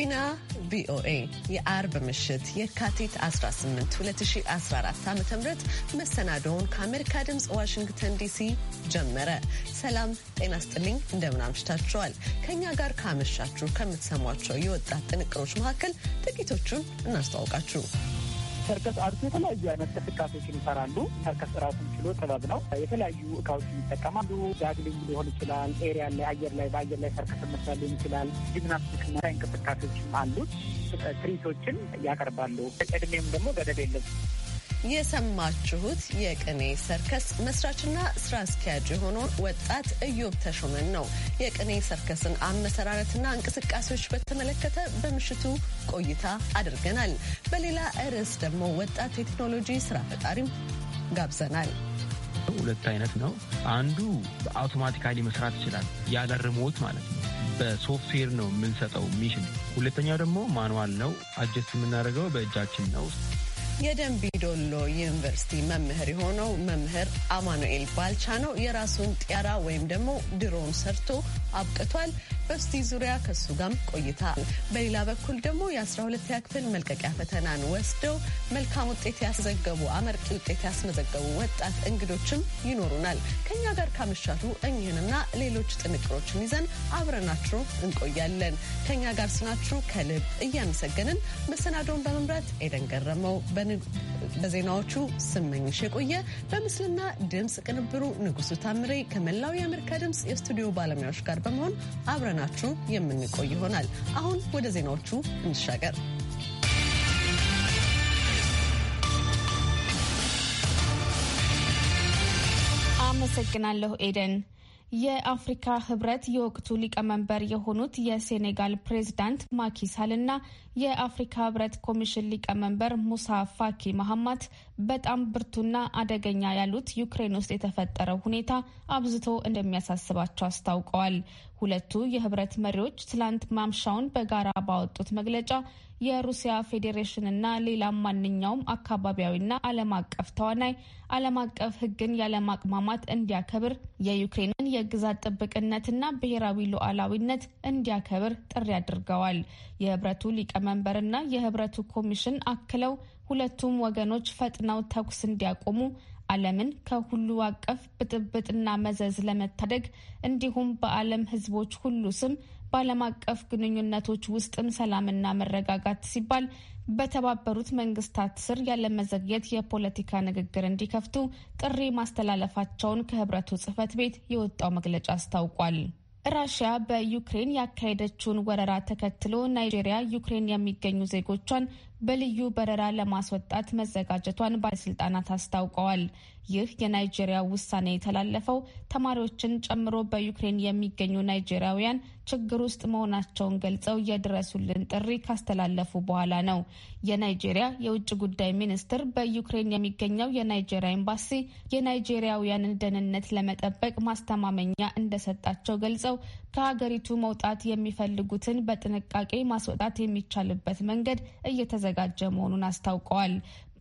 ጋቢና ቪኦኤ የአርብ ምሽት የካቲት 18 2014 ዓ ም መሰናዶውን ከአሜሪካ ድምፅ ዋሽንግተን ዲሲ ጀመረ። ሰላም ጤና ስጥልኝ፣ እንደምን አምሽታችኋል? ከእኛ ጋር ካመሻችሁ ከምትሰሟቸው የወጣት ጥንቅሮች መካከል ጥቂቶቹን እናስተዋውቃችሁ። ሰርከስ አርቱ የተለያዩ አይነት እንቅስቃሴዎችን ይሰራሉ። ሰርከስ ራሱን ችሎ ጥበብ ነው። የተለያዩ እቃዎች ይጠቀማሉ። ዳግሊንግ ሊሆን ይችላል። ኤሪያ ላይ አየር ላይ በአየር ላይ ሰርከስ መስራት ሊሆን ይችላል። ጂምናስቲክና እንቅስቃሴዎችም አሉት። ትርኢቶችን ያቀርባሉ። እድሜም ደግሞ ገደብ የለም። የሰማችሁት የቅኔ ሰርከስ መስራችና ስራ አስኪያጅ የሆነውን ወጣት እዮብ ተሾመን ነው። የቅኔ ሰርከስን አመሰራረትና እንቅስቃሴዎች በተመለከተ በምሽቱ ቆይታ አድርገናል። በሌላ ርዕስ ደግሞ ወጣት ቴክኖሎጂ ስራ ፈጣሪም ጋብዘናል። ሁለት አይነት ነው። አንዱ በአውቶማቲካሊ መስራት ይችላል፣ ያለ ሪሞት ማለት ነው። በሶፍትዌር ነው የምንሰጠው ሚሽን። ሁለተኛው ደግሞ ማኑዋል ነው፣ አጀስት የምናደርገው በእጃችን ነው። የደንቢ ዶሎ ዩኒቨርሲቲ መምህር የሆነው መምህር አማኑኤል ባልቻ ነው። የራሱን ጤራ ወይም ደግሞ ድሮን ሰርቶ አብቅቷል። ዩኒቨርሲቲ ዙሪያ ከሱ ጋም ቆይታ። በሌላ በኩል ደግሞ የ12ኛ ክፍል መልቀቂያ ፈተናን ወስደው መልካም ውጤት ያስዘገቡ አመርቂ ውጤት ያስመዘገቡ ወጣት እንግዶችም ይኖሩናል። ከእኛ ጋር ካመሻቱ እኚህንና ሌሎች ጥንቅሮችን ይዘን አብረናችሁ እንቆያለን። ከእኛ ጋር ስናችሁ ከልብ እያመሰገንን መሰናዶውን በመምራት ኤደን ገረመው፣ በዜናዎቹ ስመኝሽ የቆየ፣ በምስልና ድምፅ ቅንብሩ ንጉሱ ታምሬ ከመላው የአሜሪካ ድምፅ የስቱዲዮ ባለሙያዎች ጋር በመሆን አብረናል። አብረናችሁ የምንቆይ ይሆናል። አሁን ወደ ዜናዎቹ እንሻገር። አመሰግናለሁ ኤደን። የአፍሪካ ህብረት የወቅቱ ሊቀመንበር የሆኑት የሴኔጋል ፕሬዝዳንት ማኪሳል እና የአፍሪካ ህብረት ኮሚሽን ሊቀመንበር ሙሳ ፋኪ መሐማት በጣም ብርቱና አደገኛ ያሉት ዩክሬን ውስጥ የተፈጠረው ሁኔታ አብዝቶ እንደሚያሳስባቸው አስታውቀዋል። ሁለቱ የህብረት መሪዎች ትላንት ማምሻውን በጋራ ባወጡት መግለጫ የሩሲያ ፌዴሬሽንና ሌላ ማንኛውም አካባቢያዊና ዓለም አቀፍ ተዋናይ ዓለም አቀፍ ሕግን ያለማቅማማት እንዲያከብር የዩክሬንን የግዛት ጥብቅነትና ብሔራዊ ሉዓላዊነት እንዲያከብር ጥሪ አድርገዋል። የህብረቱ ሊቀመንበርና የህብረቱ ኮሚሽን አክለው ሁለቱም ወገኖች ፈጥነው ተኩስ እንዲያቆሙ ዓለምን ከሁሉ አቀፍ ብጥብጥና መዘዝ ለመታደግ እንዲሁም በዓለም ህዝቦች ሁሉ ስም በዓለም አቀፍ ግንኙነቶች ውስጥም ሰላምና መረጋጋት ሲባል በተባበሩት መንግስታት ስር ያለመዘግየት የፖለቲካ ንግግር እንዲከፍቱ ጥሪ ማስተላለፋቸውን ከህብረቱ ጽህፈት ቤት የወጣው መግለጫ አስታውቋል። ራሽያ በዩክሬን ያካሄደችውን ወረራ ተከትሎ ናይጄሪያ ዩክሬን የሚገኙ ዜጎቿን በልዩ በረራ ለማስወጣት መዘጋጀቷን ባለስልጣናት አስታውቀዋል። ይህ የናይጄሪያ ውሳኔ የተላለፈው ተማሪዎችን ጨምሮ በዩክሬን የሚገኙ ናይጄሪያውያን ችግር ውስጥ መሆናቸውን ገልጸው የድረሱልን ጥሪ ካስተላለፉ በኋላ ነው። የናይጄሪያ የውጭ ጉዳይ ሚኒስትር በዩክሬን የሚገኘው የናይጄሪያ ኤምባሲ የናይጄሪያውያንን ደህንነት ለመጠበቅ ማስተማመኛ እንደሰጣቸው ገልጸው ከሀገሪቱ መውጣት የሚፈልጉትን በጥንቃቄ ማስወጣት የሚቻልበት መንገድ እየተዘ እየተዘጋጀ መሆኑን አስታውቀዋል።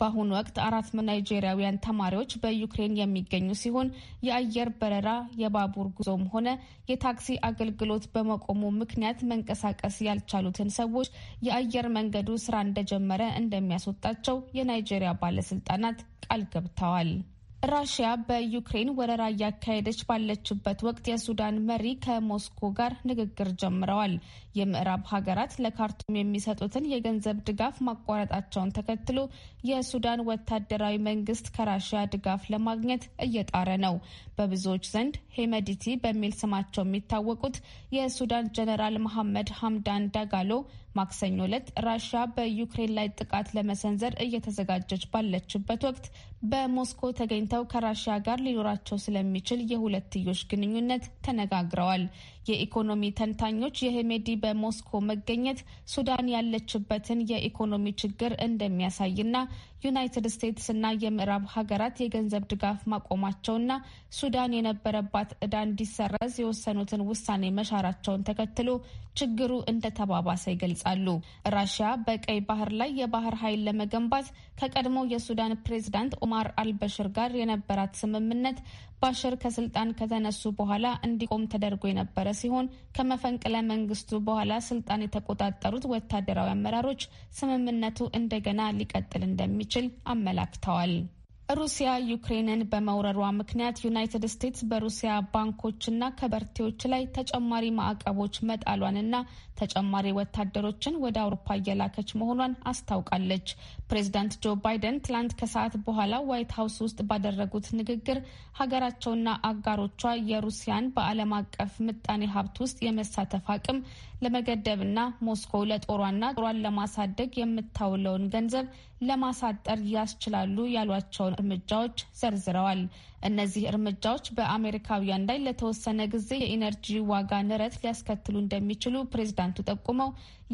በአሁኑ ወቅት አራት ናይጄሪያውያን ተማሪዎች በዩክሬን የሚገኙ ሲሆን የአየር በረራ የባቡር ጉዞም ሆነ የታክሲ አገልግሎት በመቆሙ ምክንያት መንቀሳቀስ ያልቻሉትን ሰዎች የአየር መንገዱ ስራ እንደጀመረ እንደሚያስወጣቸው የናይጄሪያ ባለስልጣናት ቃል ገብተዋል። ራሽያ በዩክሬን ወረራ እያካሄደች ባለችበት ወቅት የሱዳን መሪ ከሞስኮ ጋር ንግግር ጀምረዋል። የምዕራብ ሀገራት ለካርቱም የሚሰጡትን የገንዘብ ድጋፍ ማቋረጣቸውን ተከትሎ የሱዳን ወታደራዊ መንግስት ከራሽያ ድጋፍ ለማግኘት እየጣረ ነው። በብዙዎች ዘንድ ሄመዲቲ በሚል ስማቸው የሚታወቁት የሱዳን ጀነራል መሐመድ ሀምዳን ዳጋሎ ማክሰኞ ዕለት ራሽያ በዩክሬን ላይ ጥቃት ለመሰንዘር እየተዘጋጀች ባለችበት ወቅት በሞስኮ ተገኝተው ከራሽያ ጋር ሊኖራቸው ስለሚችል የሁለትዮሽ ግንኙነት ተነጋግረዋል። የኢኮኖሚ ተንታኞች የሄሜዲ በሞስኮ መገኘት ሱዳን ያለችበትን የኢኮኖሚ ችግር እንደሚያሳይና ዩናይትድ እና የምዕራብ ሀገራት የገንዘብ ድጋፍ ማቆማቸውና ሱዳን የነበረባት ዕዳ እንዲሰረዝ የወሰኑትን ውሳኔ መሻራቸውን ተከትሎ ችግሩ እንደተባባሰ ይገልጻሉ። ራሽያ በቀይ ባህር ላይ የባህር ኃይል ለመገንባት ከቀድሞ የሱዳን ፕሬዝዳንት ኦማር አልበሽር ጋር የነበራት ስምምነት ባሽር ከስልጣን ከተነሱ በኋላ እንዲቆም ተደርጎ የነበረ ሲሆን ከመፈንቅለ መንግስቱ በኋላ ስልጣን የተቆጣጠሩት ወታደራዊ አመራሮች ስምምነቱ እንደገና ሊቀጥል እንደሚችል አመላክተዋል። ሩሲያ ዩክሬንን በመውረሯ ምክንያት ዩናይትድ ስቴትስ በሩሲያ ባንኮችና ከበርቴዎች ላይ ተጨማሪ ማዕቀቦች መጣሏንና ተጨማሪ ወታደሮችን ወደ አውሮፓ እየላከች መሆኗን አስታውቃለች። ፕሬዚዳንት ጆ ባይደን ትላንት ከሰዓት በኋላ ዋይት ሀውስ ውስጥ ባደረጉት ንግግር ሀገራቸውና አጋሮቿ የሩሲያን በዓለም አቀፍ ምጣኔ ሀብት ውስጥ የመሳተፍ አቅም ለመገደብና ሞስኮ ለጦሯና ጦሯን ለማሳደግ የምታውለውን ገንዘብ ለማሳጠር ያስችላሉ ያሏቸውን እርምጃዎች ዘርዝረዋል። እነዚህ እርምጃዎች በአሜሪካውያን ላይ ለተወሰነ ጊዜ የኢነርጂ ዋጋ ንረት ሊያስከትሉ እንደሚችሉ ፕሬዝዳንቱ ጠቁመው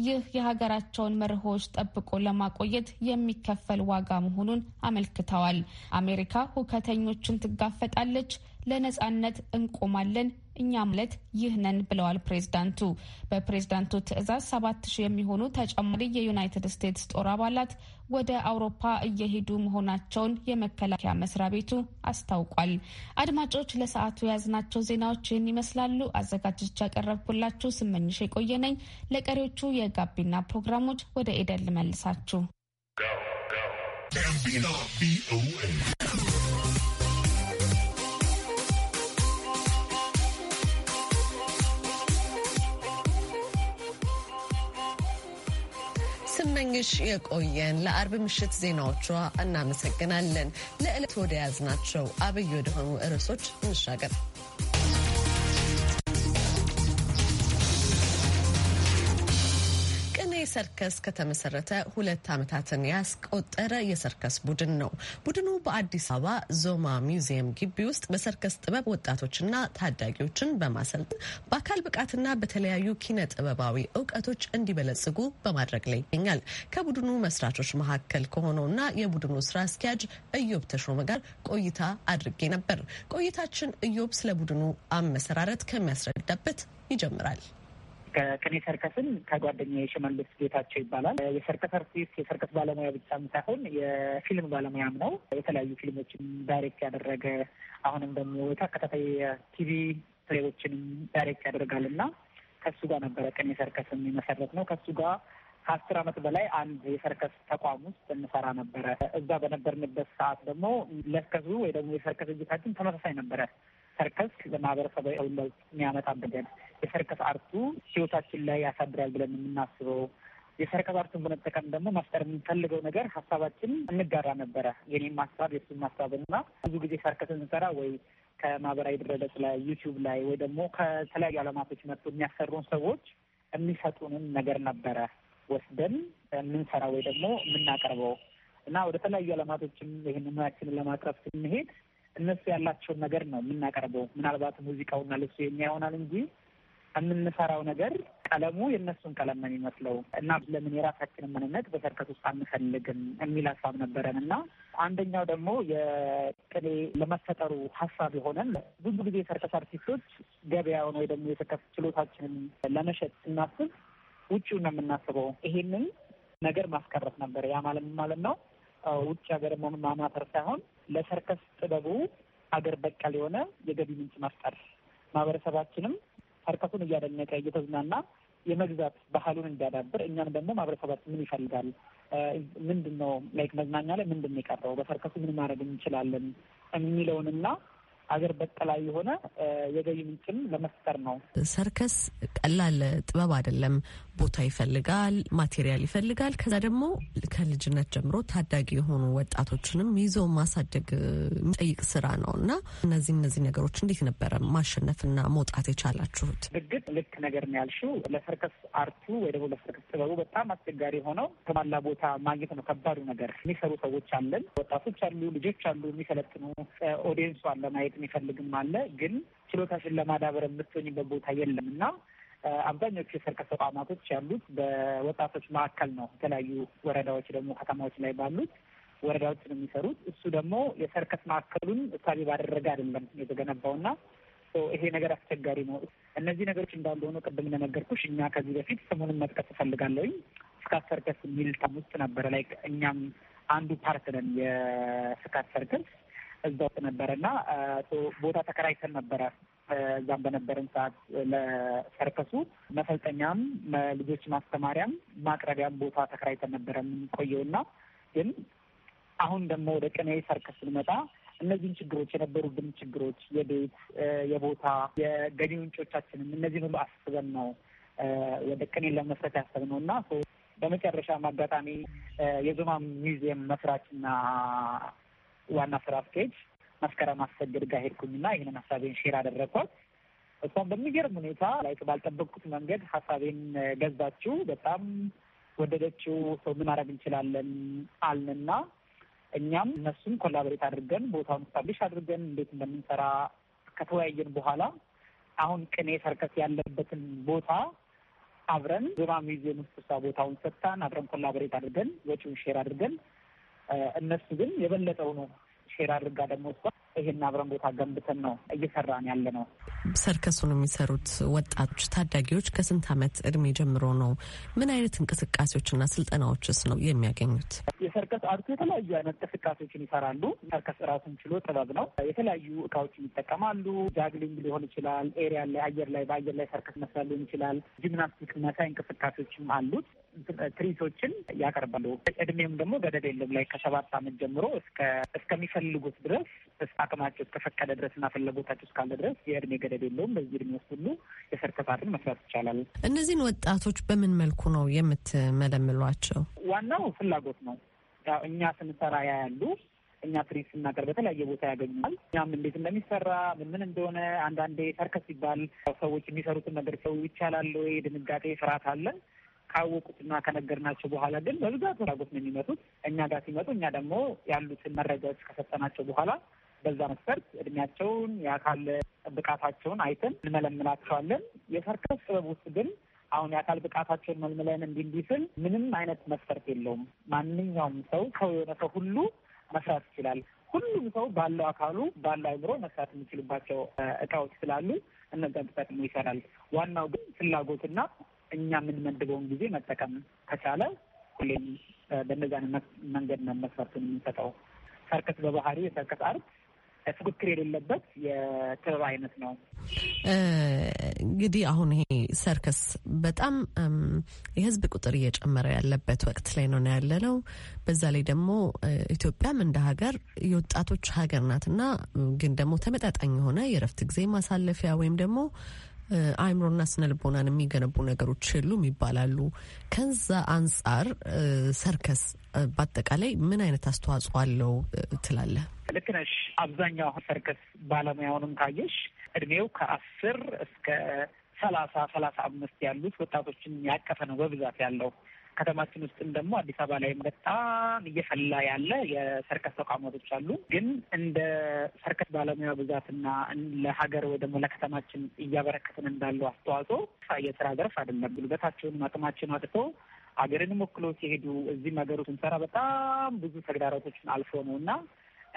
ይህ የሀገራቸውን መርሆዎች ጠብቆ ለማቆየት የሚከፈል ዋጋ መሆኑን አመልክተዋል። አሜሪካ ሁከተኞችን ትጋፈጣለች፣ ለነጻነት እንቆማለን፣ እኛ ማለት ይህ ነን ብለዋል ፕሬዝዳንቱ። በፕሬዝዳንቱ ትዕዛዝ ሰባት ሺህ የሚሆኑ ተጨማሪ የዩናይትድ ስቴትስ ጦር አባላት ወደ አውሮፓ እየሄዱ መሆናቸውን የመከላከያ መስሪያ ቤቱ አስታውቋል። አድማጮች ለሰዓቱ የያዝናቸው ዜናዎች ይህን ይመስላሉ። አዘጋጅች ያቀረብኩላችሁ ስመኝሽ የቆየ ነኝ። ለቀሪዎቹ የጋቢና ፕሮግራሞች ወደ ኤደን ልመልሳችሁ። ስመኝሽ የቆየን ለአርብ ምሽት ዜናዎቿ እናመሰግናለን። ለዕለት ወደ ያዝናቸው አብይ ወደሆኑ ርዕሶች እንሻገር። ሰርከስ ከተመሰረተ ሁለት ዓመታትን ያስቆጠረ የሰርከስ ቡድን ነው። ቡድኑ በአዲስ አበባ ዞማ ሚውዚየም ግቢ ውስጥ በሰርከስ ጥበብ ወጣቶችና ታዳጊዎችን በማሰልጥ በአካል ብቃትና በተለያዩ ኪነ ጥበባዊ እውቀቶች እንዲበለጽጉ በማድረግ ላይ ይገኛል። ከቡድኑ መስራቾች መካከል ከሆነውና የቡድኑ ስራ አስኪያጅ እዮብ ተሾመ ጋር ቆይታ አድርጌ ነበር። ቆይታችን እዮብ ስለ ቡድኑ አመሰራረት ከሚያስረዳበት ይጀምራል። ከእኔ ሰርከስን ከጓደኛ የሽመልስ ጌታቸው ይባላል የሰርከስ አርቲስት የሰርከስ ባለሙያ ብቻም ሳይሆን የፊልም ባለሙያም ነው። የተለያዩ ፊልሞችን ዳይሬክት ያደረገ አሁንም ደግሞ የተከታታይ ቲቪ ፕሬዎችንም ዳይሬክት ያደርጋል እና ከሱ ጋር ነበረ ቅኔ ሰርከስን የሚመሰረት ነው ከሱ ጋር ከአስር ዓመት በላይ አንድ የሰርከስ ተቋም ውስጥ እንሰራ ነበረ። እዛ በነበርንበት ሰዓት ደግሞ ለስከዙ ወይ ደግሞ የሰርከስ እጅታችን ተመሳሳይ ነበረ። ሰርከስ ለማህበረሰብ ለውጥ የሚያመጣ በደል የሰርከስ አርቱ ህይወታችን ላይ ያሳድራል ብለን የምናስበው የሰርከስ አርቱን በመጠቀም ደግሞ መፍጠር የምንፈልገው ነገር ሀሳባችን እንጋራ ነበረ። የኔም ሀሳብ የሱም ሀሳብ እና ብዙ ጊዜ ሰርከስን ስንሰራ ወይ ከማህበራዊ ድረገጽ ላይ ዩቲዩብ ላይ ወይ ደግሞ ከተለያዩ አለማቶች መጥቶ የሚያሰሩን ሰዎች የሚሰጡንን ነገር ነበረ ወስደን የምንሰራ ወይ ደግሞ የምናቀርበው እና ወደ ተለያዩ አለማቶችም ይህን ሙያችንን ለማቅረብ ስንሄድ እነሱ ያላቸውን ነገር ነው የምናቀርበው። ምናልባት ሙዚቃውና ልብሱ የኛ ይሆናል እንጂ የምንሰራው ነገር ቀለሙ የእነሱን ቀለም ነው የሚመስለው እና ለምን የራሳችንን ምንነት በሰርከት ውስጥ አንፈልግም የሚል ሀሳብ ነበረን እና አንደኛው ደግሞ የቅኔ ለመፈጠሩ ሀሳብ የሆነን ብዙ ጊዜ የሰርከስ አርቲስቶች ገበያውን ወይ ደግሞ የሰርከስ ችሎታችንን ለመሸጥ ስናስብ ውጭውን ነው የምናስበው። ይሄንን ነገር ማስቀረት ነበር። ያ ማለት ማለት ነው ውጭ ሀገር መሆኑን ማማተር ሳይሆን ለሰርከስ ጥበቡ ሀገር በቀል የሆነ የገቢ ምንጭ መፍጠር ማህበረሰባችንም ሰርከሱን እያደነቀ እየተዝናና የመግዛት ባህሉን እንዲያዳብር እኛም ደግሞ ማህበረሰባችን ምን ይፈልጋል፣ ምንድን ነው ላይክ መዝናኛ ላይ ምንድን ነው የቀረው፣ በሰርከሱ ምን ማድረግ እንችላለን የሚለውንና አገር በቀላ የሆነ የገቢ ምንጭም ለመፍጠር ነው። ሰርከስ ቀላል ጥበብ አይደለም። ቦታ ይፈልጋል፣ ማቴሪያል ይፈልጋል። ከዛ ደግሞ ከልጅነት ጀምሮ ታዳጊ የሆኑ ወጣቶችንም ይዞ ማሳደግ የሚጠይቅ ስራ ነው እና እነዚህ እነዚህ ነገሮች እንዴት ነበረ ማሸነፍና መውጣት የቻላችሁት? እርግጥ ልክ ነገር ነው ያልሽው። ለሰርከስ አርቱ ወይ ደግሞ ለሰርከስ ጥበቡ በጣም አስቸጋሪ የሆነው ተሟላ ቦታ ማግኘት ነው ከባዱ ነገር። የሚሰሩ ሰዎች አለን፣ ወጣቶች አሉ፣ ልጆች አሉ፣ የሚሰለጥኑ ኦዲየንሱ አለ ማየት የሚፈልግም አለ። ግን ችሎታሽን ለማዳበር የምትሆኝበት ቦታ የለም እና አብዛኞቹ የሰርከስ ተቋማቶች ያሉት በወጣቶች መካከል ነው። የተለያዩ ወረዳዎች ደግሞ ከተማዎች ላይ ባሉት ወረዳዎች ነው የሚሰሩት። እሱ ደግሞ የሰርከስ ማዕከሉን እሳቢ ባደረገ አይደለም የተገነባውና ይሄ ነገር አስቸጋሪ ነው። እነዚህ ነገሮች እንዳሉ ሆኖ ቅድም እንደነገርኩሽ እኛ ከዚህ በፊት ስሙንም መጥቀስ እፈልጋለሁኝ ስካት ሰርከስ የሚል ተም ውስጥ ነበረ ላይ እኛም አንዱ ፓርት ነን የስካት ሰርከስ እዛ ውስጥ ነበረ እና ቦታ ተከራይተን ነበረ። እዛም በነበረን ሰዓት ለሰርከሱ መሰልጠኛም፣ ልጆች ማስተማሪያም፣ ማቅረቢያም ቦታ ተከራይተን ነበረ የምንቆየው እና ግን አሁን ደግሞ ወደ ቅኔ ሰርከስ ስንመጣ እነዚህን ችግሮች የነበሩብን ችግሮች የቤት፣ የቦታ፣ የገቢ ምንጮቻችንም እነዚህን ሁሉ አስበን ነው ወደ ቅኔ ለመስረት ያሰብነው እና በመጨረሻም አጋጣሚ የዞማ ሚዚየም መስራችና ዋና ስራ አስኪያጅ መስከረም አሰግድ ጋር ሄድኩኝና ይህንን ሀሳቤን ሼር አደረግኳት። እሷም በሚገርም ሁኔታ ላይ ባልጠበቅኩት መንገድ ሀሳቤን ገዛችው፣ በጣም ወደደችው። ሰው ምን ማድረግ እንችላለን አልንና እኛም እነሱም ኮላቦሬት አድርገን ቦታውን ስታብሊሽ አድርገን እንዴት እንደምንሰራ ከተወያየን በኋላ አሁን ቅኔ ሰርከስ ያለበትን ቦታ አብረን ዞማ ሚዚየም ውስጥ እሷ ቦታውን ሰጥታን አብረን ኮላቦሬት አድርገን ወጪውን ሼር አድርገን እነሱ ግን የበለጠው ነው ሼር አድርጋ ደግሞ እሷ ይሄን አብረን ቦታ ገንብተን ነው እየሰራን ያለ ነው። ሰርከሱን የሚሰሩት ወጣቶች ታዳጊዎች ከስንት አመት እድሜ ጀምሮ ነው? ምን አይነት እንቅስቃሴዎችና ስልጠናዎችስ ነው የሚያገኙት? የሰርከስ አርቱ የተለያዩ አይነት እንቅስቃሴዎችን ይሰራሉ። ሰርከስ ራሱን ችሎ ጥበብ ነው። የተለያዩ እቃዎችን ይጠቀማሉ። ጃግሊንግ ሊሆን ይችላል። ኤሪያ ላይ አየር ላይ በአየር ላይ ሰርከስ መስራት ሊሆን ይችላል። ጂምናስቲክ መሳይ እንቅስቃሴዎችም አሉት። ትሪቶችን ያቀርባሉ። እድሜም ደግሞ ገደብ የለም ላይ ከሰባት ዓመት ጀምሮ እስከሚፈልጉት ድረስ አቅማቸው እስከፈቀደ ድረስ እና ፍላጎታቸው እስካለ ድረስ የእድሜ ገደብ የለውም። በዚህ እድሜ ውስጥ ሁሉ የሰርተፋትን መስራት ይቻላል። እነዚህን ወጣቶች በምን መልኩ ነው የምትመለምሏቸው? ዋናው ፍላጎት ነው። ያው እኛ ስንሰራ ያያሉ እኛ ትርኢት ስናገር በተለያየ ቦታ ያገኙናል። እኛም እንዴት እንደሚሰራ ምን ምን እንደሆነ አንዳንዴ ሰርከስ ሲባል ሰዎች የሚሰሩትን ነገር ሰው ይቻላል ወይ ድንጋጤ ፍርሃት አለን። ካወቁትና ከነገርናቸው በኋላ ግን በብዛት ፍላጎት ነው የሚመጡት እኛ ጋር ሲመጡ እኛ ደግሞ ያሉትን መረጃዎች ከሰጠናቸው በኋላ በዛ መስፈርት እድሜያቸውን የአካል ብቃታቸውን አይተን እንመለምላቸዋለን። የሰርከስ ጥበብ ውስጥ ግን አሁን የአካል ብቃታቸውን መልምለን እንዲህ እንዲህ ስል ምንም አይነት መስፈርት የለውም። ማንኛውም ሰው ሰው የሆነ ሰው ሁሉ መስራት ይችላል። ሁሉም ሰው ባለው አካሉ ባለው አይምሮ መስራት የሚችልባቸው እቃዎች ስላሉ እነዛን ተጠቅሞ ይሰራል። ዋናው ግን ፍላጎትና እኛ የምንመድበውን ጊዜ መጠቀም ከቻለ ሁሌም በነዛን መንገድ ነው መስፈርቱን የምንሰጠው። ሰርከስ በባህሪ የሰርከስ አርት ፉክክር የሌለበት የክበብ አይነት ነው። እንግዲህ አሁን ይሄ ሰርከስ በጣም የህዝብ ቁጥር እየጨመረ ያለበት ወቅት ላይ ነው ነው። በዛ ላይ ደግሞ ኢትዮጵያም እንደ ሀገር የወጣቶች ሀገር ናትና ግን ደግሞ ተመጣጣኝ የሆነ የእረፍት ጊዜ ማሳለፊያ ወይም ደግሞ አእምሮና ስነ ልቦናን የሚገነቡ ነገሮች የሉም ይባላሉ። ከዛ አንጻር ሰርከስ በአጠቃላይ ምን አይነት አስተዋጽኦ አለው ትላለህ? ልክ ነሽ። አብዛኛው ሰርከስ ባለሙያውንም ካየሽ እድሜው ከአስር እስከ ሰላሳ ሰላሳ አምስት ያሉት ወጣቶችን ያቀፈ ነው በብዛት ያለው ከተማችን ውስጥም ደግሞ አዲስ አበባ ላይም በጣም እየፈላ ያለ የሰርከስ ተቋማቶች አሉ። ግን እንደ ሰርከስ ባለሙያ ብዛትና ለሀገር ወይ ደግሞ ለከተማችን እያበረከትን እንዳለው አስተዋጽኦ የስራ ዘርፍ አይደለም። ጉልበታቸውን አቅማችን አጥቶ ሀገርንም ወክሎ ሲሄዱ እዚህም ሀገሩ ስንሰራ በጣም ብዙ ተግዳሮቶችን አልፎ ነው እና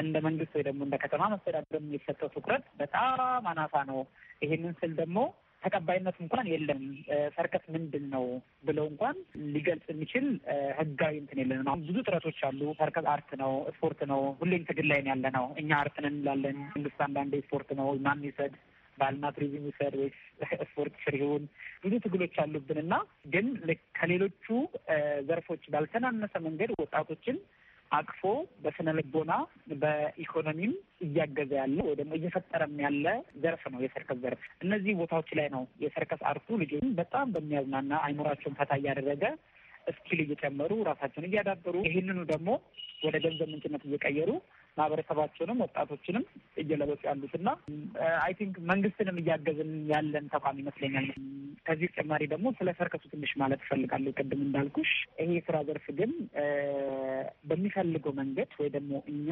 እንደ መንግስት ወይ ደግሞ እንደ ከተማ መስተዳደር የሚሰጠው ትኩረት በጣም አናሳ ነው። ይሄንን ስል ደግሞ ተቀባይነት እንኳን የለም። ሰርከስ ምንድን ነው ብለው እንኳን ሊገልጽ የሚችል ህጋዊ እንትን የለንም። አሁን ብዙ ጥረቶች አሉ። ሰርከስ አርት ነው፣ ስፖርት ነው። ሁሌም ትግል ላይ ያለ ነው። እኛ አርትን እንላለን። መንግስት አንዳንዴ ስፖርት ነው ማን ይውሰድ ባልና ቱሪዝም ይውሰድ ወይ ስፖርት ፍሪውን ብዙ ትግሎች አሉብን እና ግን ከሌሎቹ ዘርፎች ባልተናነሰ መንገድ ወጣቶችን አቅፎ በስነ ልቦና በኢኮኖሚም እያገዘ ያለ ወይ ደግሞ እየፈጠረም ያለ ዘርፍ ነው የሰርከስ ዘርፍ። እነዚህ ቦታዎች ላይ ነው የሰርከስ አርቱ ልጆች በጣም በሚያዝናና አይምሯቸውን ፈታ እያደረገ እስኪል እየጨመሩ ራሳቸውን እያዳበሩ ይህንኑ ደግሞ ወደ ገንዘብ ምንጭነት እየቀየሩ ማህበረሰባቸውንም ወጣቶችንም እየለበጡ ያሉትና አይ ቲንክ መንግስትንም እያገዝን ያለን ተቋም ይመስለኛል። ከዚህ ተጨማሪ ደግሞ ስለ ሰርከሱ ትንሽ ማለት እፈልጋለሁ። ቅድም እንዳልኩሽ ይሄ የስራ ዘርፍ ግን በሚፈልገው መንገድ ወይ ደግሞ እኛ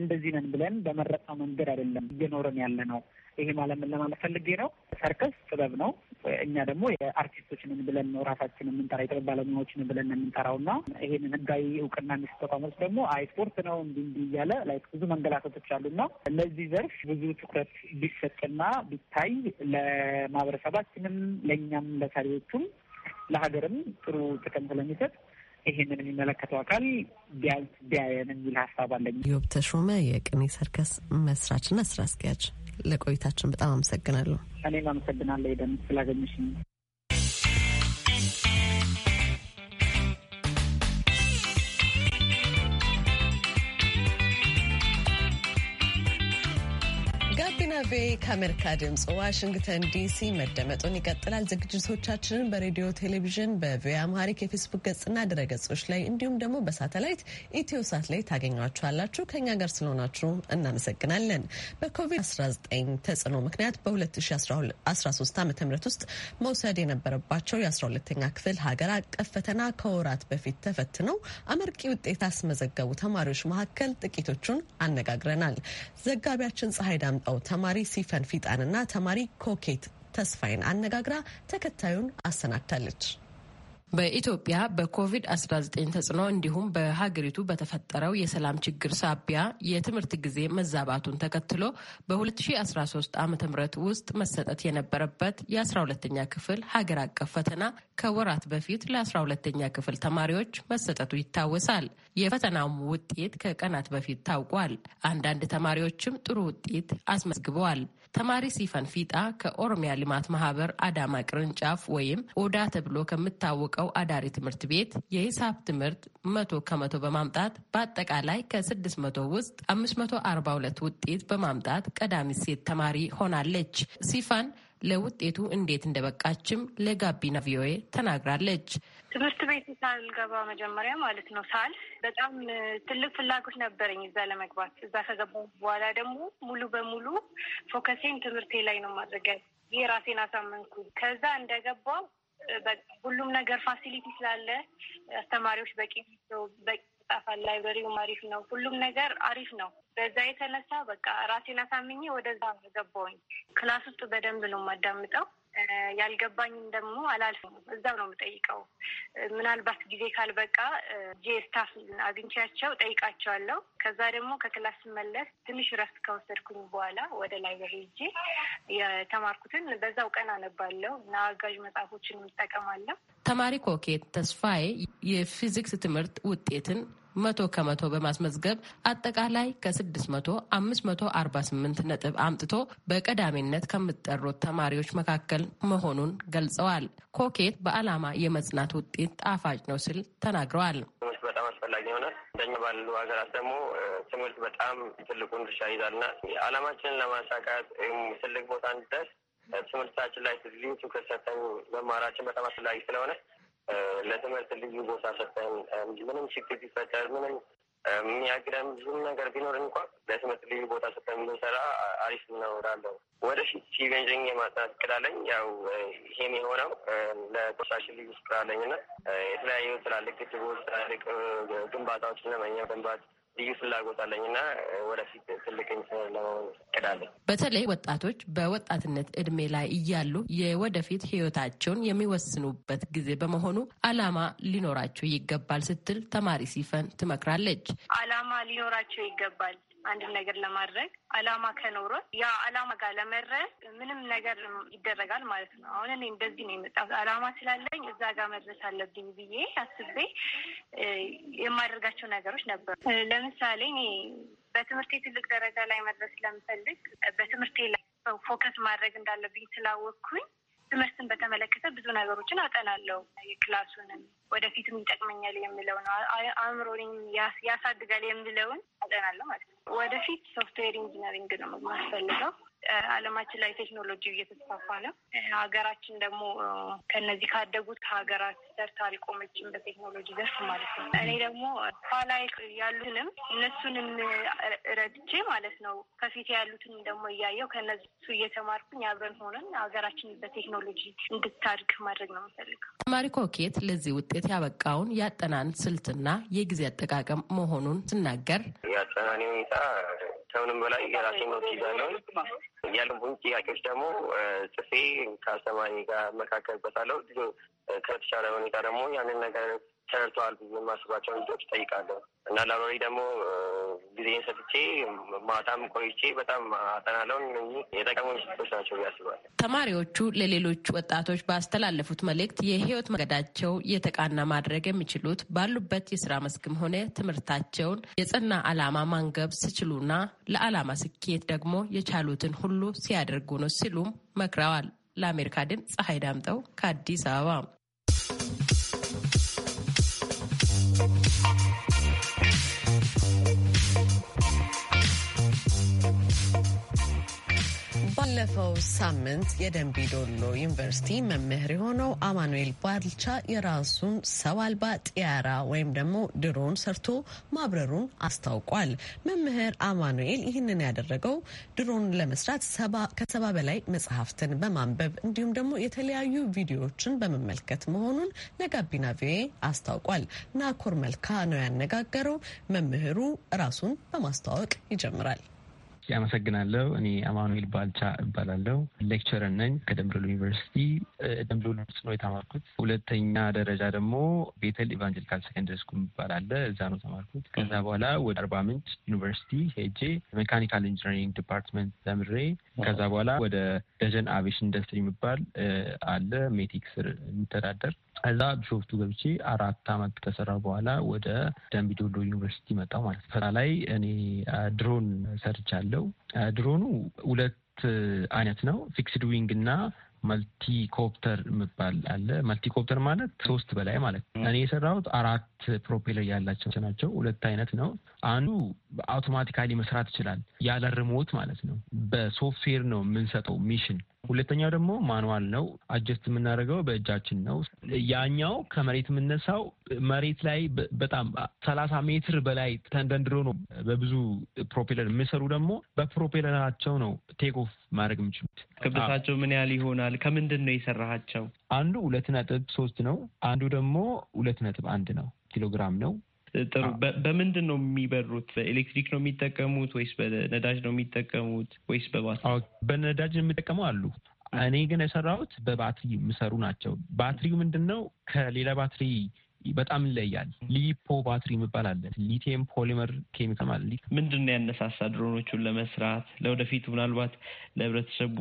እንደዚህ ነን ብለን በመረጥነው መንገድ አይደለም እየኖረን ያለ ነው። ይሄ ማለት ምን ለማለት ፈልጌ ነው? ሰርከስ ጥበብ ነው። እኛ ደግሞ የአርቲስቶችንን ብለን ነው ራሳችን የምንጠራ የጥበብ ባለሙያዎችን ብለን የምንጠራው እና ይሄንን ህጋዊ እውቅና የሚሰጡ ተቋሞች ደግሞ አይ ስፖርት ነው እንዲህ እንዲህ እያለ ላይ ብዙ መንገላታቶች አሉና እነዚህ ዘርፍ ብዙ ትኩረት ቢሰጥና ቢታይ ለማህበረሰባችንም ለእኛም ለሰሪዎቹም ለሀገርም ጥሩ ጥቅም ስለሚሰጥ ይህንን የሚመለከተው አካል ቢያንስ ቢያየን የሚል ሀሳብ አለኝ። ዮብ ተሾመ የቅኔ ሰርከስ መስራችና ስራ አስኪያጅ ለቆይታችን በጣም አመሰግናለሁ። እኔም አመሰግናለሁ ደም ስላገኘሽኝ። ጋቢና ከአሜሪካ ድምፅ ዋሽንግተን ዲሲ መደመጡን ይቀጥላል። ዝግጅቶቻችንን በሬዲዮ ቴሌቪዥን፣ በቪ ማሪክ የፌስቡክ ገጽና ድረ ገጾች ላይ እንዲሁም ደግሞ በሳተላይት ኢትዮ ሳት ላይ ታገኟችኋላችሁ። ከእኛ ጋር ስለሆናችሁ እናመሰግናለን። በኮቪድ-19 ተጽዕኖ ምክንያት በ2013 ዓ ም ውስጥ መውሰድ የነበረባቸው የ12ተኛ ክፍል ሀገር አቀፍ ፈተና ከወራት በፊት ተፈትነው አመርቂ ውጤት አስመዘገቡ ተማሪዎች መካከል ጥቂቶቹን አነጋግረናል። ዘጋቢያችን ፀሐይ ዳምጣው ተማሪ ተማሪ ሲፈን ፊጣንና ተማሪ ኮኬት ተስፋዬን አነጋግራ ተከታዩን አሰናድታለች። በኢትዮጵያ በኮቪድ-19 ተጽዕኖ እንዲሁም በሀገሪቱ በተፈጠረው የሰላም ችግር ሳቢያ የትምህርት ጊዜ መዛባቱን ተከትሎ በ2013 ዓ ም ውስጥ መሰጠት የነበረበት የ12ተኛ ክፍል ሀገር አቀፍ ፈተና ከወራት በፊት ለ12ተኛ ክፍል ተማሪዎች መሰጠቱ ይታወሳል። የፈተናውም ውጤት ከቀናት በፊት ታውቋል። አንዳንድ ተማሪዎችም ጥሩ ውጤት አስመዝግበዋል። ተማሪ ሲፈን ፊጣ ከኦሮሚያ ልማት ማህበር አዳማ ቅርንጫፍ ወይም ኦዳ ተብሎ ከምታወቀው አዳሪ ትምህርት ቤት የሂሳብ ትምህርት መቶ ከመቶ በማምጣት በአጠቃላይ ከ 600 ውስጥ 542 ውጤት በማምጣት ቀዳሚ ሴት ተማሪ ሆናለች። ሲፋን ለውጤቱ እንዴት እንደበቃችም ለጋቢና ቪኦኤ ተናግራለች። ትምህርት ቤት ሳልገባ መጀመሪያ ማለት ነው ሳል በጣም ትልቅ ፍላጎት ነበረኝ እዛ ለመግባት። እዛ ከገባሁ በኋላ ደግሞ ሙሉ በሙሉ ፎከሴን ትምህርቴ ላይ ነው ማድረግ ራሴን አሳመንኩ። ከዛ እንደገባው ሁሉም ነገር ፋሲሊቲ ስላለ አስተማሪዎች በቂ በቂ ይጻፋል። ላይብረሪውም አሪፍ ነው። ሁሉም ነገር አሪፍ ነው። በዛ የተነሳ በቃ ራሴን አሳምኜ ወደዛ ገባውኝ ክላስ ውስጥ በደንብ ነው የማዳምጠው። ያልገባኝም ደግሞ አላልፍም፣ እዛው ነው የምጠይቀው። ምናልባት ጊዜ ካልበቃ ጄ ስታፍ አግኝቻቸው ጠይቃቸዋለሁ። ከዛ ደግሞ ከክላስ ስመለስ ትንሽ ረፍት ከወሰድኩኝ በኋላ ወደ ላይብረሪ ሄጄ የተማርኩትን በዛው ቀን አነባለሁ እና አጋዥ መጽሐፎችን እንጠቀማለሁ። ተማሪ ኮኬት ተስፋዬ የፊዚክስ ትምህርት ውጤትን መቶ ከመቶ በማስመዝገብ አጠቃላይ ከ 548 ነጥብ አምጥቶ በቀዳሚነት ከምጠሩት ተማሪዎች መካከል መሆኑን ገልጸዋል። ኮኬት በዓላማ የመጽናት ውጤት ጣፋጭ ነው ሲል ተናግረዋል። ትምህርት በጣም አስፈላጊ ይሆናል። እንደኛ ባሉ ሀገራት ደግሞ ትምህርት በጣም ትልቁን ድርሻ ይዛልና ዓላማችንን ለማሳካት ትልቅ ቦታ እንድደርስ ትምህርታችን ላይ ልዩ ትኩረት መማራችን በጣም አስፈላጊ ስለሆነ ለትምህርት ልዩ ቦታ ሰጠን። ምንም ችግር ቢፈጠር ምንም የሚያግረም ብዙም ነገር ቢኖር እንኳን ለትምህርት ልዩ ቦታ ሰጠን ብንሰራ አሪፍ ነው እላለሁ። ወደፊት ሲቪ ኢንጂነሪንግ የማጥናት እቅድ አለኝ። ያው ይሄም የሆነው ለኮንስትራክሽን ልዩ ስራ አለኝ የተለያዩ ትላልቅ ግድቦች፣ ትላልቅ ግንባታዎችን ለመኛ ግንባት ልዩ ፍላጎት አለኝ ወደፊት ትልቅ ኢንጂነር በተለይ ወጣቶች በወጣትነት እድሜ ላይ እያሉ የወደፊት ህይወታቸውን የሚወስኑበት ጊዜ በመሆኑ አላማ ሊኖራቸው ይገባል ስትል ተማሪ ሲፈን ትመክራለች። አላማ ሊኖራቸው ይገባል። አንድን ነገር ለማድረግ አላማ ከኖረ ያ አላማ ጋር ለመድረስ ምንም ነገር ይደረጋል ማለት ነው። አሁን እኔ እንደዚህ ነው የመጣሁት አላማ ስላለኝ እዛ ጋር መድረስ አለብኝ ብዬ አስቤ የማደርጋቸው ነገሮች ነበሩ። ለምሳሌ እኔ በትምህርቴ ትልቅ ደረጃ ላይ መድረስ ስለምፈልግ በትምህርቴ ላይ ፎከስ ማድረግ እንዳለብኝ ስላወቅኩኝ ትምህርትን በተመለከተ ብዙ ነገሮችን አጠናለው። የክላሱንም ወደፊትም ይጠቅመኛል የምለው ነው አእምሮን ያሳድጋል የምለውን አጠናለው ማለት ነው። ወደፊት ሶፍትዌር ኢንጂነሪንግ ነው የማስፈልገው። አለማችን ላይ ቴክኖሎጂ እየተስፋፋ ነው። ሀገራችን ደግሞ ከነዚህ ካደጉት ሀገራት ዘርፍ አልቆመችም በቴክኖሎጂ ዘርፍ ማለት ነው። እኔ ደግሞ ኋላ ያሉትንም እነሱንም ረድቼ ማለት ነው ከፊት ያሉትን ደግሞ እያየው ከነሱ እየተማርኩኝ አብረን ሆነን ሀገራችን በቴክኖሎጂ እንድታድግ ማድረግ ነው የምፈልገው። ተማሪ ኮኬት ለዚህ ውጤት ያበቃውን የአጠናን ስልትና የጊዜ አጠቃቀም መሆኑን ስናገር የአጠናኔ ሁኔታ ከምንም በላይ የራሴ መብት ይዛለሁ። ያለቡኝ ጥያቄዎች ደግሞ ጽፌ ከአስተማሪ ጋር መካከል መካከልበታለሁ። ከተቻለ ሁኔታ ደግሞ ያንን ነገር ተረድተዋል ብዬ የማስባቸውን ልጆች ጠይቃለሁ እና ለአብረሪ ደግሞ ጊዜን ሰጥቼ ማታም ቆይቼ በጣም አጠናለውን የጠቀሙ ስቶች ናቸው ያስባል። ተማሪዎቹ ለሌሎች ወጣቶች ባስተላለፉት መልእክት የህይወት መንገዳቸው የተቃና ማድረግ የሚችሉት ባሉበት የስራ መስክም ሆነ ትምህርታቸውን የጸና አላማ ማንገብ ስችሉና ለአላማ ስኬት ደግሞ የቻሉትን ሁሉ ሲያደርጉ ነው ሲሉም መክረዋል። ለአሜሪካ ድምፅ ፀሐይ ዳምጠው ከአዲስ አበባ Thank you. ባለፈው ሳምንት የደንቢ ዶሎ ዩኒቨርሲቲ መምህር የሆነው አማኑኤል ባልቻ የራሱን ሰው አልባ ጥያራ ወይም ደግሞ ድሮን ሰርቶ ማብረሩን አስታውቋል። መምህር አማኑኤል ይህንን ያደረገው ድሮን ለመስራት ከሰባ በላይ መጽሐፍትን በማንበብ እንዲሁም ደግሞ የተለያዩ ቪዲዮዎችን በመመልከት መሆኑን ለጋቢና ቪኦኤ አስታውቋል። ናኮር መልካ ነው ያነጋገረው። መምህሩ ራሱን በማስተዋወቅ ይጀምራል። አመሰግናለሁ። እኔ አማኑኤል ባልቻ እባላለሁ። ሌክቸረር ነኝ ከደምቢዶሎ ዩኒቨርሲቲ። ደምቢዶሎ ውስጥ ነው የተማርኩት። ሁለተኛ ደረጃ ደግሞ ቤተል ኢቫንጀሊካል ሴኮንደሪ ስኩል የሚባል እዛ ነው ተማርኩት። ከዛ በኋላ ወደ አርባ ምንጭ ዩኒቨርሲቲ ሄጄ ሜካኒካል ኢንጂነሪንግ ዲፓርትመንት ተምሬ ከዛ በኋላ ወደ ደጀን አቬሽን ኢንዱስትሪ የሚባል አለ ሜቴክ ስር የሚተዳደር ከዛ ቢሾፍቱ ገብቼ አራት አመት ከሰራ በኋላ ወደ ደምቢ ዩኒቨርሲቲ መጣው ማለት ነው። ላይ እኔ ድሮን ሰርቻለሁ። ድሮኑ ሁለት አይነት ነው፣ ፊክስድ ዊንግ እና መልቲኮፕተር የሚባል አለ። መልቲኮፕተር ማለት ሶስት በላይ ማለት ነው። እኔ የሰራሁት አራት ፕሮፔለር ያላቸው ናቸው። ሁለት አይነት ነው። አንዱ አውቶማቲካሊ መስራት ይችላል፣ ያለ ሪሞት ማለት ነው። በሶፍትዌር ነው የምንሰጠው ሚሽን ሁለተኛው ደግሞ ማኑዋል ነው። አጀስት የምናደርገው በእጃችን ነው። ያኛው ከመሬት የምነሳው መሬት ላይ በጣም ሰላሳ ሜትር በላይ ተንደንድሮ ነው። በብዙ ፕሮፔለር የሚሰሩ ደግሞ በፕሮፔለራቸው ነው ቴክ ኦፍ ማድረግ የሚችሉት። ክብደታቸው ምን ያህል ይሆናል? ከምንድን ነው የሰራሃቸው? አንዱ ሁለት ነጥብ ሶስት ነው። አንዱ ደግሞ ሁለት ነጥብ አንድ ነው ኪሎግራም ነው። ጥሩ። በምንድን ነው የሚበሩት? በኤሌክትሪክ ነው የሚጠቀሙት ወይስ በነዳጅ ነው የሚጠቀሙት ወይስ በባትሪ? በነዳጅ የሚጠቀሙ አሉ። እኔ ግን የሰራሁት በባትሪ የሚሰሩ ናቸው። ባትሪው ምንድን ነው ከሌላ ባትሪ በጣም ይለያል። ሊፖ ባትሪ የሚባል አለ። ሊቲየም ፖሊመር ኬሚካል ማለት ምንድን ነው ያነሳሳ ድሮኖቹን ለመስራት ለወደፊቱ ምናልባት ለህብረተሰቡ፣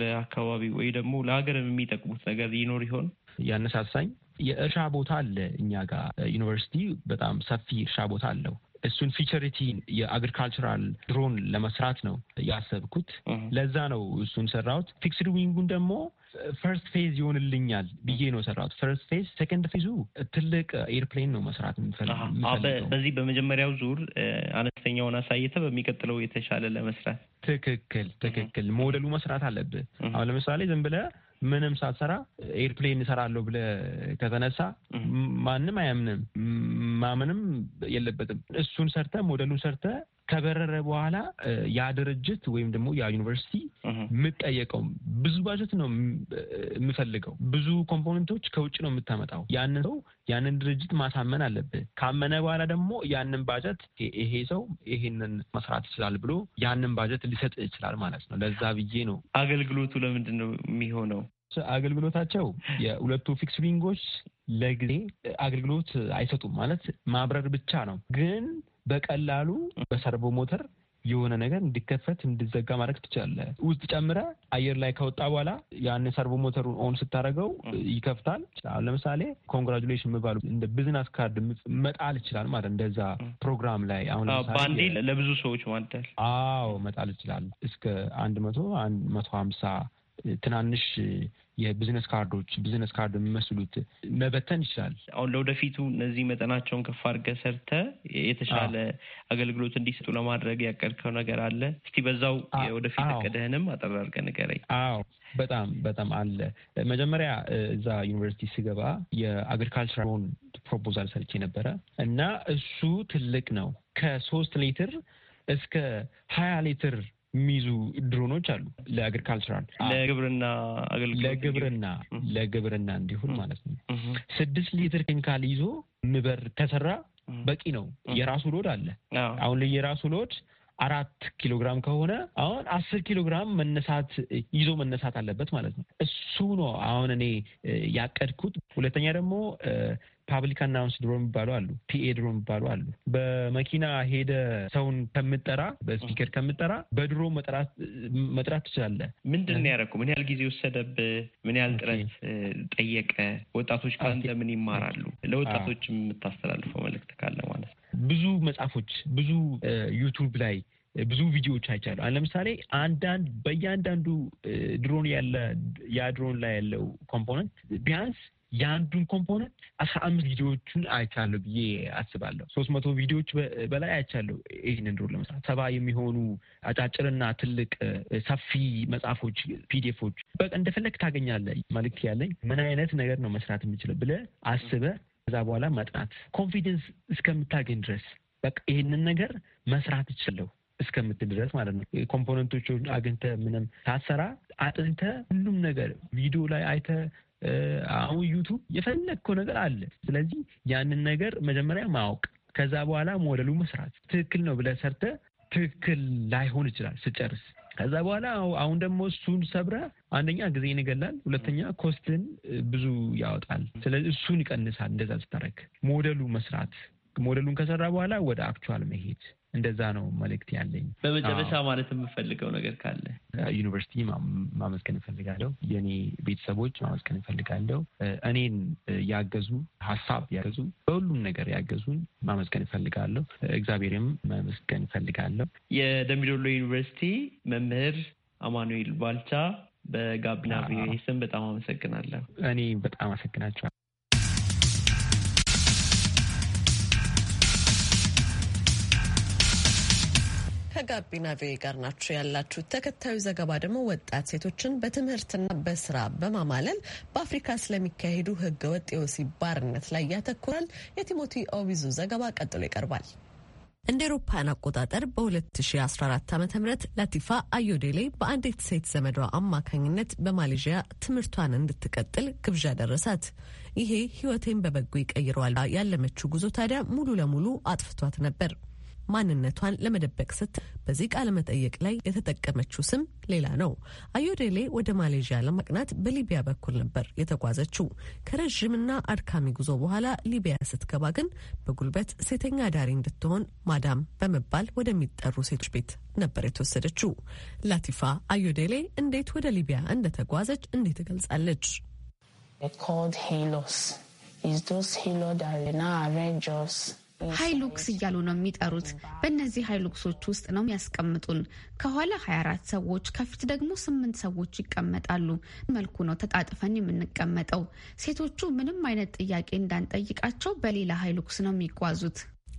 ለአካባቢ ወይ ደግሞ ለሀገር የሚጠቅሙት ነገር ይኖር ይሆን? ያነሳሳኝ የእርሻ ቦታ አለ እኛ ጋር ዩኒቨርሲቲ በጣም ሰፊ እርሻ ቦታ አለው። እሱን ፊቸሪቲ የአግሪካልቸራል ድሮን ለመስራት ነው ያሰብኩት። ለዛ ነው እሱን ሰራሁት። ፊክስድ ዊንጉን ደግሞ ፈርስት ፌዝ ይሆንልኛል ብዬ ነው ሰራሁት። ፈርስት ፌዝ፣ ሴኮንድ ፌዙ ትልቅ ኤርፕሌን ነው መስራት የምፈልገው። በዚህ በመጀመሪያው ዙር አነስተኛውን አሳይተ በሚቀጥለው የተሻለ ለመስራት ትክክል ትክክል ሞዴሉ መስራት አለብህ። አሁን ለምሳሌ ዝም ብለህ ምንም ሳትሰራ ኤርፕሌን እሰራለሁ ብለ ከተነሳ ማንም አያምንም። ማምንም የለበትም። እሱን ሰርተ ሞዴሉን ሰርተ ከበረረ በኋላ ያ ድርጅት ወይም ደግሞ ያ ዩኒቨርሲቲ የምጠየቀው ብዙ ባጀት ነው የምፈልገው፣ ብዙ ኮምፖነንቶች ከውጭ ነው የምታመጣው። ያንን ሰው ያንን ድርጅት ማሳመን አለብህ። ካመነ በኋላ ደግሞ ያንን ባጀት ይሄ ሰው ይሄንን መስራት ይችላል ብሎ ያንን ባጀት ሊሰጥ ይችላል ማለት ነው። ለዛ ብዬ ነው አገልግሎቱ ለምንድን ነው የሚሆነው? አገልግሎታቸው የሁለቱ ፊክስ ዊንጎች ለጊዜ አገልግሎት አይሰጡም ማለት ማብረር ብቻ ነው ግን በቀላሉ በሰርቦ ሞተር የሆነ ነገር እንዲከፈት እንዲዘጋ ማድረግ ትችላለህ። ውስጥ ጨምረ አየር ላይ ከወጣ በኋላ ያን ሰርቦ ሞተሩ ኦን ስታደርገው ይከፍታል። አሁን ለምሳሌ ኮንግራጁሌሽን የሚባሉ እንደ ቢዝነስ ካርድ መጣል ይችላል ማለት እንደዛ ፕሮግራም ላይ አሁን በአንዴ ለብዙ ሰዎች ማደል አዎ መጣል ይችላል እስከ አንድ መቶ አንድ መቶ ሀምሳ ትናንሽ የቢዝነስ ካርዶች ቢዝነስ ካርድ የሚመስሉት መበተን ይችላል። አሁን ለወደፊቱ እነዚህ መጠናቸውን ከፍ አድርገህ ሰርተ የተሻለ አገልግሎት እንዲሰጡ ለማድረግ ያቀድከው ነገር አለ? እስቲ በዛው ወደፊት እቅድህንም አጠር አድርገህ ንገረኝ። አዎ በጣም በጣም አለ። መጀመሪያ እዛ ዩኒቨርሲቲ ስገባ የአግሪካልቸር ሎን ፕሮፖዛል ሰርቼ ነበረ እና እሱ ትልቅ ነው ከሶስት ሊትር እስከ ሀያ ሊትር የሚይዙ ድሮኖች አሉ። ለአግሪካልቸራል ለግብርና ለግብርና ለግብርና እንዲሁን ማለት ነው። ስድስት ሊትር ኬሚካል ይዞ ምበር ከሰራ በቂ ነው። የራሱ ሎድ አለ። አሁን ላይ የራሱ ሎድ አራት ኪሎ ግራም ከሆነ አሁን አስር ኪሎ ግራም መነሳት ይዞ መነሳት አለበት ማለት ነው። እሱ ነው አሁን እኔ ያቀድኩት። ሁለተኛ ደግሞ ፓብሊክ አናውንስ ድሮ የሚባሉ አሉ፣ ፒኤ ድሮ የሚባሉ አሉ። በመኪና ሄደ ሰውን ከምጠራ በስፒከር ከምጠራ በድሮ መጥራት ትችላለ። ምንድን ነው ያደረኩ? ምን ያህል ጊዜ ወሰደብ? ምን ያህል ጥረት ጠየቀ? ወጣቶች ከአንተ ምን ይማራሉ? ለወጣቶች የምታስተላልፈው መልእክት ካለ ማለት ነው። ብዙ መጽሐፎች፣ ብዙ ዩቱብ ላይ ብዙ ቪዲዮዎች አይቻሉ። ለምሳሌ አንዳንድ በእያንዳንዱ ድሮን ያለ ያ ድሮን ላይ ያለው ኮምፖነንት ቢያንስ የአንዱን ኮምፖነንት አስራ አምስት ቪዲዮዎቹን አይቻለሁ ብዬ አስባለሁ። ሶስት መቶ ቪዲዮዎች በላይ አይቻለሁ። ይህንን ድሮ ለመስራት ሰባ የሚሆኑ አጫጭርና ትልቅ ሰፊ መጽሐፎች፣ ፒዲኤፎች በቃ እንደፈለግ ታገኛለህ። መልዕክት ያለኝ ምን አይነት ነገር ነው መስራት የምችለው ብለህ አስበህ ከዛ በኋላ መጥናት ኮንፊደንስ እስከምታገኝ ድረስ በቃ ይህንን ነገር መስራት ይችላለሁ እስከምትል ድረስ ማለት ነው። ኮምፖነንቶቹን አግኝተህ ምንም ታሰራ አጥንተህ ሁሉም ነገር ቪዲዮ ላይ አይተህ አሁን ዩቱብ የፈለግከው ነገር አለ። ስለዚህ ያንን ነገር መጀመሪያ ማወቅ፣ ከዛ በኋላ ሞዴሉ መስራት። ትክክል ነው ብለህ ሰርተህ ትክክል ላይሆን ይችላል ስጨርስ። ከዛ በኋላ አሁን ደግሞ እሱን ሰብረ አንደኛ ጊዜ ይገላል፣ ሁለተኛ ኮስትን ብዙ ያወጣል። ስለዚህ እሱን ይቀንሳል። እንደዛ ስታረግ ሞዴሉ መስራት ሞዴሉን ከሰራ በኋላ ወደ አክቹዋል መሄድ እንደዛ ነው መልእክት ያለኝ። በመጨረሻ ማለት የምፈልገው ነገር ካለ ዩኒቨርሲቲ ማመስገን እፈልጋለሁ። የእኔ ቤተሰቦች ማመስገን እፈልጋለሁ። እኔን ያገዙ፣ ሀሳብ ያገዙ፣ በሁሉም ነገር ያገዙን ማመስገን እፈልጋለሁ። እግዚአብሔርም ማመስገን እፈልጋለሁ። የደምቢዶሎ ዩኒቨርሲቲ መምህር አማኑኤል ባልቻ በጋቢና ስም በጣም አመሰግናለሁ። እኔ በጣም አመሰግናቸዋል። ከጋቢና ቪኦኤ ጋር ናቸው ያላችሁ። ተከታዩ ዘገባ ደግሞ ወጣት ሴቶችን በትምህርትና በስራ በማማለል በአፍሪካ ስለሚካሄዱ ህገወጥ የወሲብ ባርነት ላይ ያተኩራል። የቲሞቲ ኦቢዙ ዘገባ ቀጥሎ ይቀርባል። እንደ ኤሮፓያን አቆጣጠር በ2014 ዓ ም ላቲፋ አዮዴሌ በአንዲት ሴት ዘመዷ አማካኝነት በማሌዥያ ትምህርቷን እንድትቀጥል ግብዣ ደረሳት። ይሄ ህይወቴን በበጎ ይቀይረዋል ያለመችው ጉዞ ታዲያ ሙሉ ለሙሉ አጥፍቷት ነበር። ማንነቷን ለመደበቅ ስት በዚህ ቃለ መጠየቅ ላይ የተጠቀመችው ስም ሌላ ነው። አዮዴሌ ወደ ማሌዥያ ለማቅናት በሊቢያ በኩል ነበር የተጓዘችው። ከረዥምና አድካሚ ጉዞ በኋላ ሊቢያ ስትገባ ግን በጉልበት ሴተኛ አዳሪ እንድትሆን ማዳም በመባል ወደሚጠሩ ሴቶች ቤት ነበር የተወሰደችው። ላቲፋ አዮዴሌ እንዴት ወደ ሊቢያ እንደተጓዘች እንዴት ትገልጻለች። ሄሎስ ሀይሉክስ እያሉ ነው የሚጠሩት። በእነዚህ ሀይሉክሶች ውስጥ ነው ያስቀምጡን። ከኋላ 24 ሰዎች ከፊት ደግሞ ስምንት ሰዎች ይቀመጣሉ። መልኩ ነው ተጣጥፈን የምንቀመጠው። ሴቶቹ ምንም አይነት ጥያቄ እንዳንጠይቃቸው በሌላ ሀይሉክስ ነው የሚጓዙት።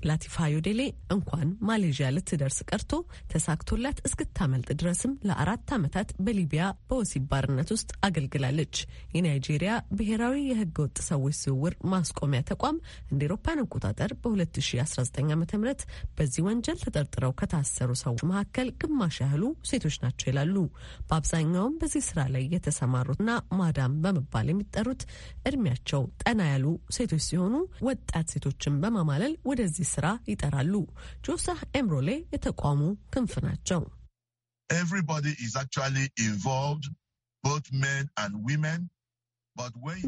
ላቲፋ ዴሌ እንኳን ማሌዥያ ልትደርስ ቀርቶ ተሳክቶላት እስክታመልጥ ድረስም ለአራት ዓመታት በሊቢያ በወሲብ ባርነት ውስጥ አገልግላለች። የናይጄሪያ ብሔራዊ የሕገ ወጥ ሰዎች ዝውውር ማስቆሚያ ተቋም እንደ ኤሮፓን አቆጣጠር በ2019 ዓ ም በዚህ ወንጀል ተጠርጥረው ከታሰሩ ሰዎች መካከል ግማሽ ያህሉ ሴቶች ናቸው ይላሉ። በአብዛኛውም በዚህ ስራ ላይ የተሰማሩትና ማዳም በመባል የሚጠሩት እድሜያቸው ጠና ያሉ ሴቶች ሲሆኑ ወጣት ሴቶችን በማማለል ወደዚህ ስራ ይጠራሉ። ጆሳህ ኤምሮሌ የተቋሙ ክንፍ ናቸው።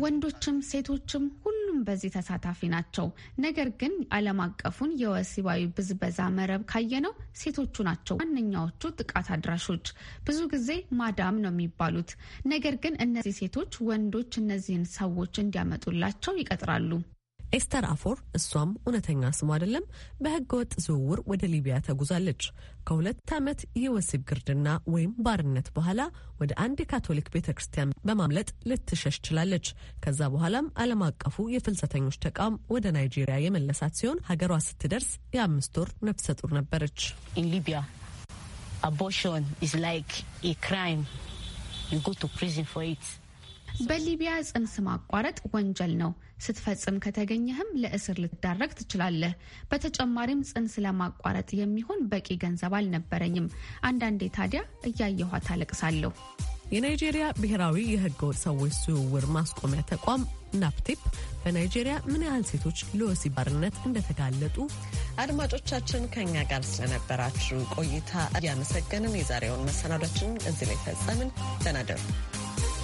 ወንዶችም ሴቶችም ሁሉም በዚህ ተሳታፊ ናቸው። ነገር ግን ዓለም አቀፉን የወሲባዊ ብዝበዛ መረብ ካየነው ሴቶቹ ናቸው ዋነኛዎቹ ጥቃት አድራሾች። ብዙ ጊዜ ማዳም ነው የሚባሉት። ነገር ግን እነዚህ ሴቶች ወንዶች እነዚህን ሰዎች እንዲያመጡላቸው ይቀጥራሉ። ኤስተር አፎር እሷም እውነተኛ ስሙ አይደለም፣ በህገ ወጥ ዝውውር ወደ ሊቢያ ተጉዛለች። ከሁለት ዓመት የወሲብ ግርድና ወይም ባርነት በኋላ ወደ አንድ የካቶሊክ ቤተ ክርስቲያን በማምለጥ ልትሸሽ ችላለች። ከዛ በኋላም ዓለም አቀፉ የፍልሰተኞች ተቋም ወደ ናይጄሪያ የመለሳት ሲሆን ሀገሯ ስትደርስ የአምስት ወር ነፍሰ ጡር ነበረች። ሊቢያ አቦርሽን ኢዝ ላይክ ኤ ክራይም ዩ ጎ ቱ ፕሪዝን ፎር ኢት በሊቢያ ጽንስ ማቋረጥ ወንጀል ነው። ስትፈጽም ከተገኘህም ለእስር ልትዳረግ ትችላለህ። በተጨማሪም ጽንስ ለማቋረጥ የሚሆን በቂ ገንዘብ አልነበረኝም። አንዳንዴ ታዲያ እያየኋ ታለቅሳለሁ የናይጄሪያ ብሔራዊ የሕገወጥ ሰዎች ዝውውር ማስቆሚያ ተቋም ናፕቴፕ በናይጄሪያ ምን ያህል ሴቶች ለወሲብ ባርነት እንደተጋለጡ አድማጮቻችን ከእኛ ጋር ስለነበራችሁ ቆይታ እያመሰገንን የዛሬውን መሰናዶችን እዚህ ላይ ፈጸምን። ደህና ደሩ።